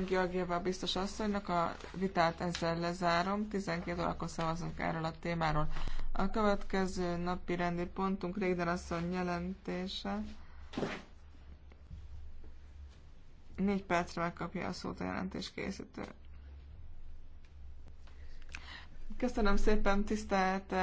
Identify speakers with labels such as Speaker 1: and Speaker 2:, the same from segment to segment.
Speaker 1: Georgieva biztos asszonynak a vitát ezzel lezárom. 12 órakor szavazunk erről a témáról. A következő napi rendi pontunk Régden asszony jelentése. Négy percre megkapja a szót a jelentés készítő. Köszönöm szépen, tisztelt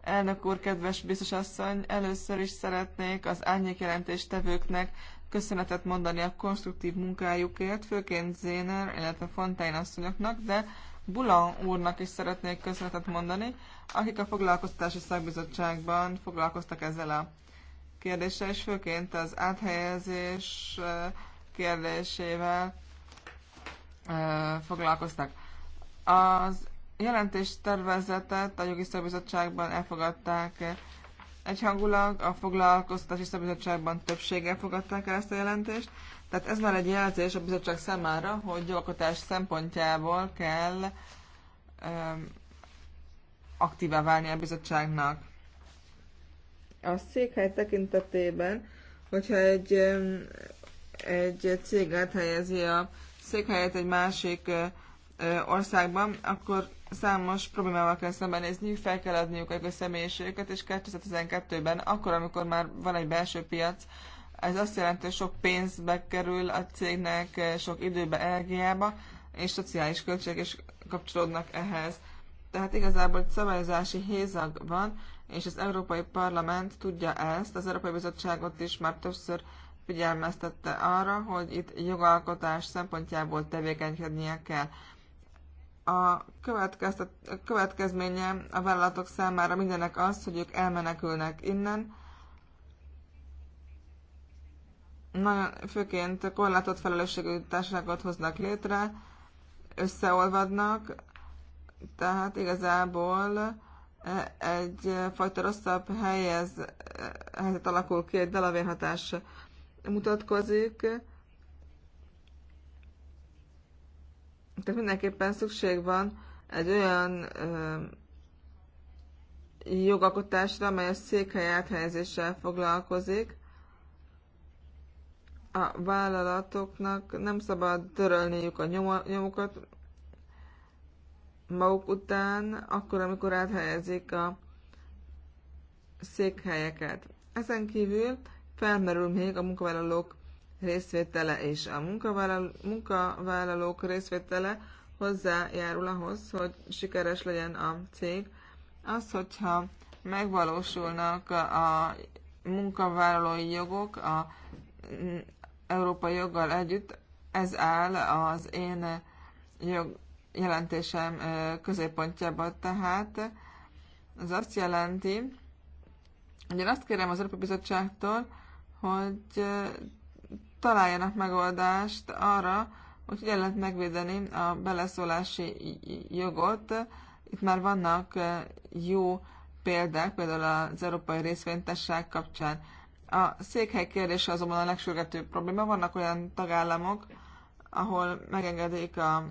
Speaker 1: elnök úr, kedves biztos asszony! Először is szeretnék az árnyék jelentéstevőknek köszönetet mondani a konstruktív munkájukért, főként Zéner, illetve Fontaine asszonyoknak, de Bulan úrnak is szeretnék köszönetet mondani, akik a foglalkoztatási szakbizottságban foglalkoztak ezzel a kérdéssel, és főként az áthelyezés kérdésével foglalkoztak. Az jelentés tervezetet a jogi szakbizottságban elfogadták egyhangulag a foglalkoztatási szabizottságban többséggel fogadták el ezt a jelentést, tehát ez már egy jelzés a bizottság számára, hogy jogalkotás szempontjából kell um, aktívá válni a bizottságnak. A székhely tekintetében, hogyha egy, egy céget helyezi a székhelyet egy másik országban, akkor számos problémával kell szembenézniük, fel kell adniuk a személyiségüket, és 2012-ben, akkor, amikor már van egy belső piac, ez azt jelenti, hogy sok pénzbe kerül a cégnek, sok időbe, energiába, és szociális költségek is kapcsolódnak ehhez. Tehát igazából egy szabályozási hézag van, és az Európai Parlament tudja ezt, az Európai Bizottságot is már többször figyelmeztette arra, hogy itt jogalkotás szempontjából tevékenykednie kell a következménye a vállalatok számára mindenek az, hogy ők elmenekülnek innen. Nagyon főként korlátott felelősségű társaságot hoznak létre, összeolvadnak, tehát igazából e, fajta rosszabb helyez, e, helyzet alakul ki, egy delavérhatás mutatkozik, Tehát mindenképpen szükség van egy olyan ö, jogalkotásra, amely a székhely áthelyezéssel foglalkozik. A vállalatoknak nem szabad törölniük a nyomukat maguk után, akkor, amikor áthelyezik a székhelyeket. Ezen kívül felmerül még a munkavállalók részvétele és a munkavállalók részvétele hozzájárul ahhoz, hogy sikeres legyen a cég. Az, hogyha megvalósulnak a munkavállalói jogok a európai joggal együtt, ez áll az én jog jelentésem középpontjában. Tehát az azt jelenti, hogy én azt kérem az Európai Bizottságtól, hogy találjanak megoldást arra, hogy hogyan lehet megvédeni a beleszólási jogot. Itt már vannak jó példák, például az európai részvénytesság kapcsán. A székhely kérdése azonban a legsürgetőbb probléma. Vannak olyan tagállamok, ahol megengedik a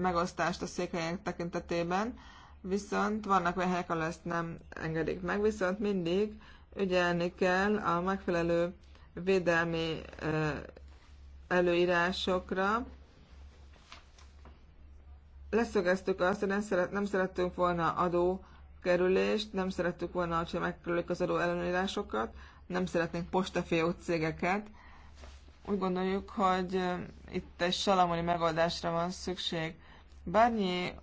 Speaker 1: megosztást a székhelyek tekintetében, viszont vannak olyan helyek, ahol ezt nem engedik meg, viszont mindig ügyelni kell a megfelelő védelmi előírásokra. Leszögeztük azt, hogy nem, szeret, nem szerettünk volna kerülést, nem szerettük volna, hogyha megkerülik az adó ellenőrásokat, nem szeretnénk postafió cégeket. Úgy gondoljuk, hogy itt egy salamoni megoldásra van szükség. Bárnyi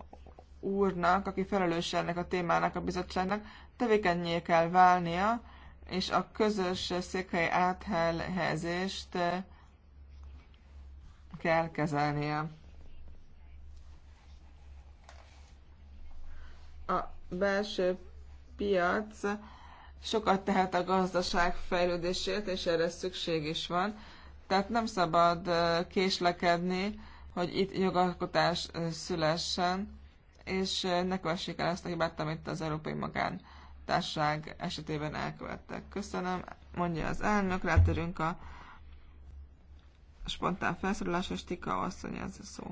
Speaker 1: úrnak, aki felelős ennek a témának a bizottságnak, tevékenyé kell válnia, és a közös székely áthelyezést eh, kell kezelnie. A belső piac sokat tehet a gazdaság fejlődését és erre szükség is van. Tehát nem szabad eh, késlekedni, hogy itt jogalkotás eh, szülessen, és ne kövessék el ezt a hibát, amit az európai magán társaság esetében elkövettek. Köszönöm, mondja az elnök, rátérünk a spontán felszólalás, és Tika asszony ez a szó.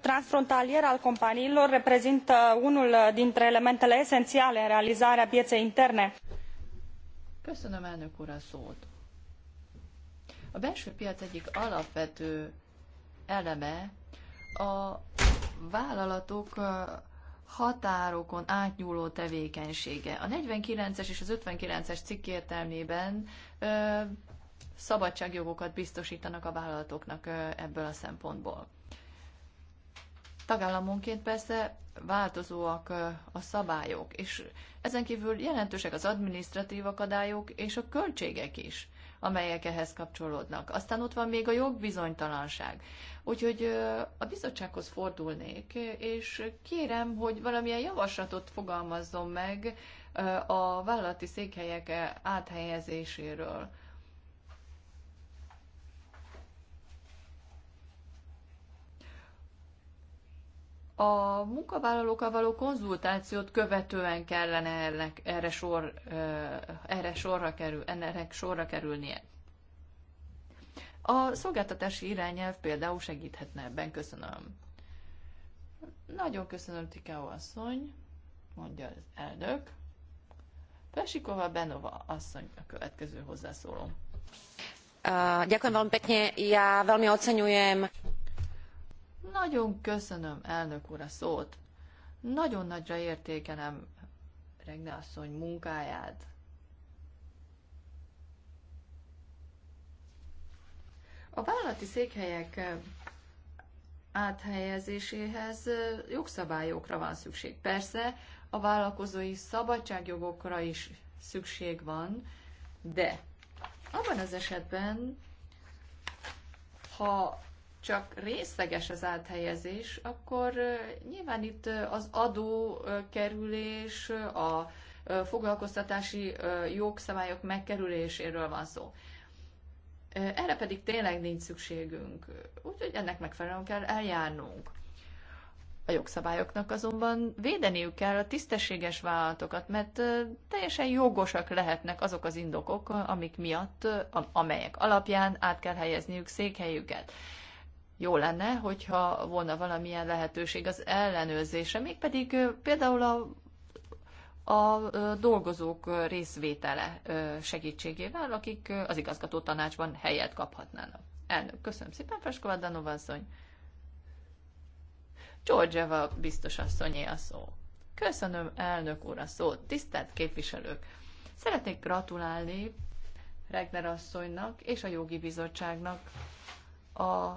Speaker 1: transfrontalier
Speaker 2: al companiilor reprezintă unul dintre elementele esențiale în realizarea pieței interne. Köszönöm elnök úr a szót. A belső piac egyik alapvető eleme a vállalatok határokon átnyúló tevékenysége. A 49-es és az 59-es cikk értelmében ö, szabadságjogokat biztosítanak a vállalatoknak ö, ebből a szempontból. Tagállamonként persze változóak ö, a szabályok, és ezen kívül jelentősek az administratív akadályok és a költségek is amelyek ehhez kapcsolódnak. Aztán ott van még a jogbizonytalanság. Úgyhogy a bizottsághoz fordulnék, és kérem, hogy valamilyen javaslatot fogalmazzon meg a vállalati székhelyek áthelyezéséről. a munkavállalókkal való konzultációt követően kellene ennek, erre, sor, erre sorra, kerül, ennek sorra kerülnie. A szolgáltatási irányelv például segíthetne ebben, köszönöm. Nagyon köszönöm, Tikeo asszony, mondja az elnök. Pesikova Benova asszony a következő hozzászóló. Uh, ďakujem veľmi pekne. Ja veľmi oceňujem nagyon köszönöm, elnök úr, a szót. Nagyon nagyra értékelem Regne asszony munkáját. A vállalati székhelyek áthelyezéséhez jogszabályokra van szükség. Persze a vállalkozói szabadságjogokra is szükség van, de abban az esetben, ha csak részleges az áthelyezés, akkor nyilván itt az adókerülés, a foglalkoztatási jogszabályok megkerüléséről van szó. Erre pedig tényleg nincs szükségünk, úgyhogy ennek megfelelően kell eljárnunk. A jogszabályoknak azonban védeniük kell a tisztességes vállalatokat, mert teljesen jogosak lehetnek azok az indokok, amik miatt, amelyek alapján át kell helyezniük székhelyüket jó lenne, hogyha volna valamilyen lehetőség az ellenőrzése, mégpedig például a a dolgozók részvétele segítségével, akik az igazgató tanácsban helyet kaphatnának. Elnök, köszönöm szépen, Feskova Danova asszony. Georgieva biztos asszonyé a szó. Köszönöm, elnök úr, a szót. Tisztelt képviselők! Szeretnék gratulálni Regner asszonynak és a jogi bizottságnak a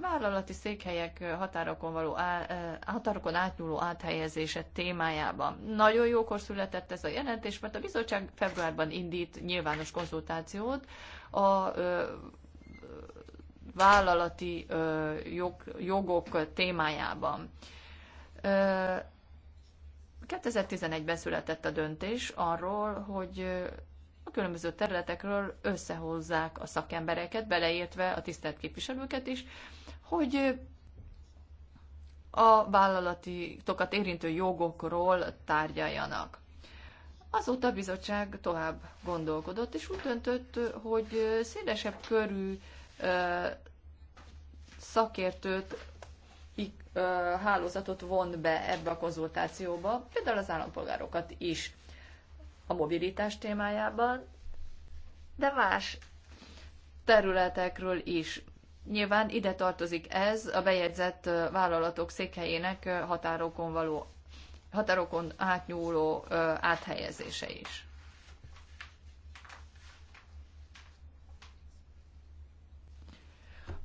Speaker 2: vállalati székhelyek határokon, való á, határokon átnyúló áthelyezése témájában. Nagyon jókor született ez a jelentés, mert a bizottság februárban indít nyilvános konzultációt a vállalati jog, jogok témájában. 2011-ben született a döntés arról, hogy a különböző területekről összehozzák a szakembereket, beleértve a tisztelt képviselőket is, hogy a tokat érintő jogokról tárgyaljanak. Azóta a bizottság tovább gondolkodott, és úgy döntött, hogy szélesebb körű szakértőt, hálózatot von be ebbe a konzultációba, például az állampolgárokat is a mobilitás témájában, de más területekről is. Nyilván ide tartozik ez a bejegyzett vállalatok székhelyének határokon való határokon átnyúló áthelyezése is.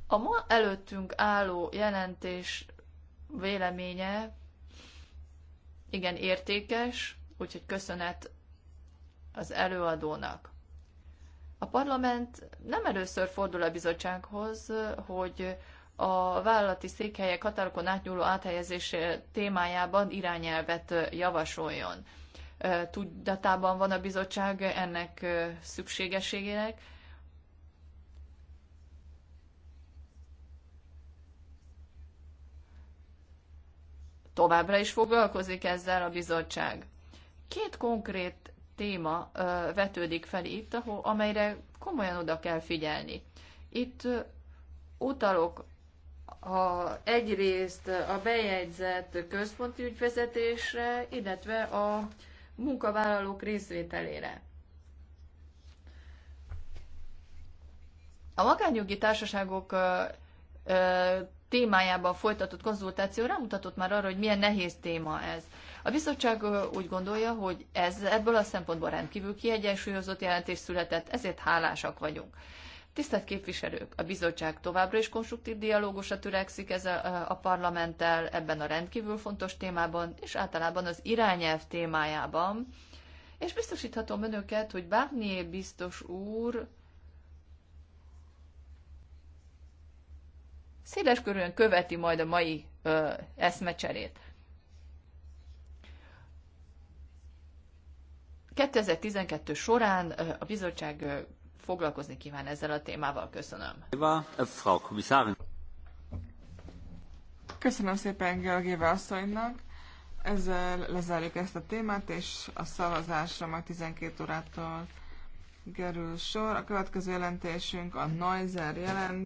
Speaker 2: A ma előttünk álló jelentés véleménye igen értékes, úgyhogy köszönet az előadónak. A parlament nem először fordul a bizottsághoz, hogy a vállalati székhelyek határokon átnyúló áthelyezés témájában irányelvet javasoljon. Tudatában van a bizottság ennek szükségességének, Továbbra is foglalkozik ezzel a bizottság. Két konkrét téma vetődik fel itt, ahol, amelyre komolyan oda kell figyelni. Itt utalok a, egyrészt a bejegyzett központi ügyvezetésre, illetve a munkavállalók részvételére. A magányjogi társaságok témájában folytatott konzultáció rámutatott már arra, hogy milyen nehéz téma ez. A bizottság úgy gondolja, hogy ez ebből a szempontból rendkívül kiegyensúlyozott jelentés született, ezért hálásak vagyunk. Tisztelt képviselők, a bizottság továbbra is konstruktív dialógusra törekszik ezzel a parlamenttel ebben a rendkívül fontos témában, és általában az irányelv témájában. És biztosíthatom önöket, hogy Barnier biztos úr széles körülön követi majd a mai ö, eszmecserét. 2012 során a bizottság foglalkozni kíván ezzel a témával. Köszönöm.
Speaker 1: Köszönöm szépen Georgieva asszonynak. Ezzel lezárjuk ezt a témát, és a szavazásra majd 12 órától kerül sor. A következő jelentésünk a Neuser jelent.